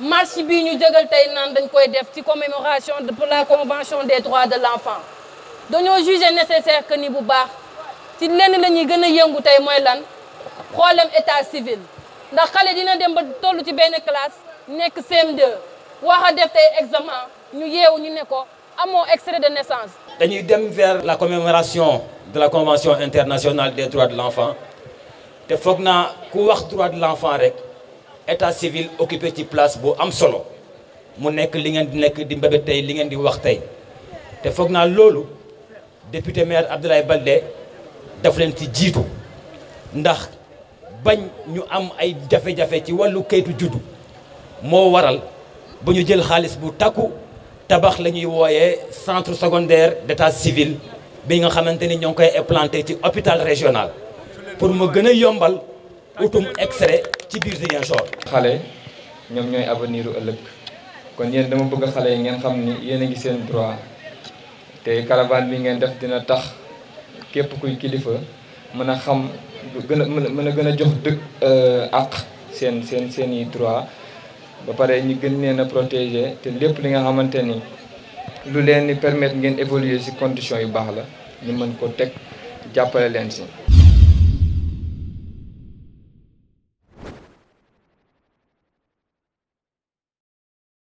marche bii ñu jëgal tey naan dañ koy def ci commémoration de la convention des droits de l'enfant dañoo jugé nécessaire que ni bu baax ci lenn lañuy gëna yëngu tay moy lan problème état civil ndax xalé dina dem ba tollu ci benn classe nek CM2 waxa def tay examen ñu yewu ñu ne ko extrait de naissance. dañuy dem vers la commémoration de la convention internationale des droits de l'enfant te fogna ku wax droit de l'enfant rek état civil occupé ci place bo am solo mu nek li ngeen di nek di li ngeen di te député maire Abdoulaye Baldé daf leen ci ndax bañ ñu am ay ci waral bu ñu jël bu takku tabax lañuy woyé centre secondaire d'état civil bi nga xamanteni ñong koy ci hôpital régional pour yombal. utum extrait ci biir Ziguinchor. xale ñoom ñooy avenir u ëllëg kon yéen dama bëgg xale ngeen xam ni yéen a ngi seen droit te caravane bi ngeen def dina tax képp kuy kilifa mën a xam gën a mën a jox dëkk euh, àq seen seen seen i droit ba pare ñu gën leen a protéger te lépp li nga xamante lu leen di permettre ngeen évoluer ci conditions yu baax la ñu mën ko ci.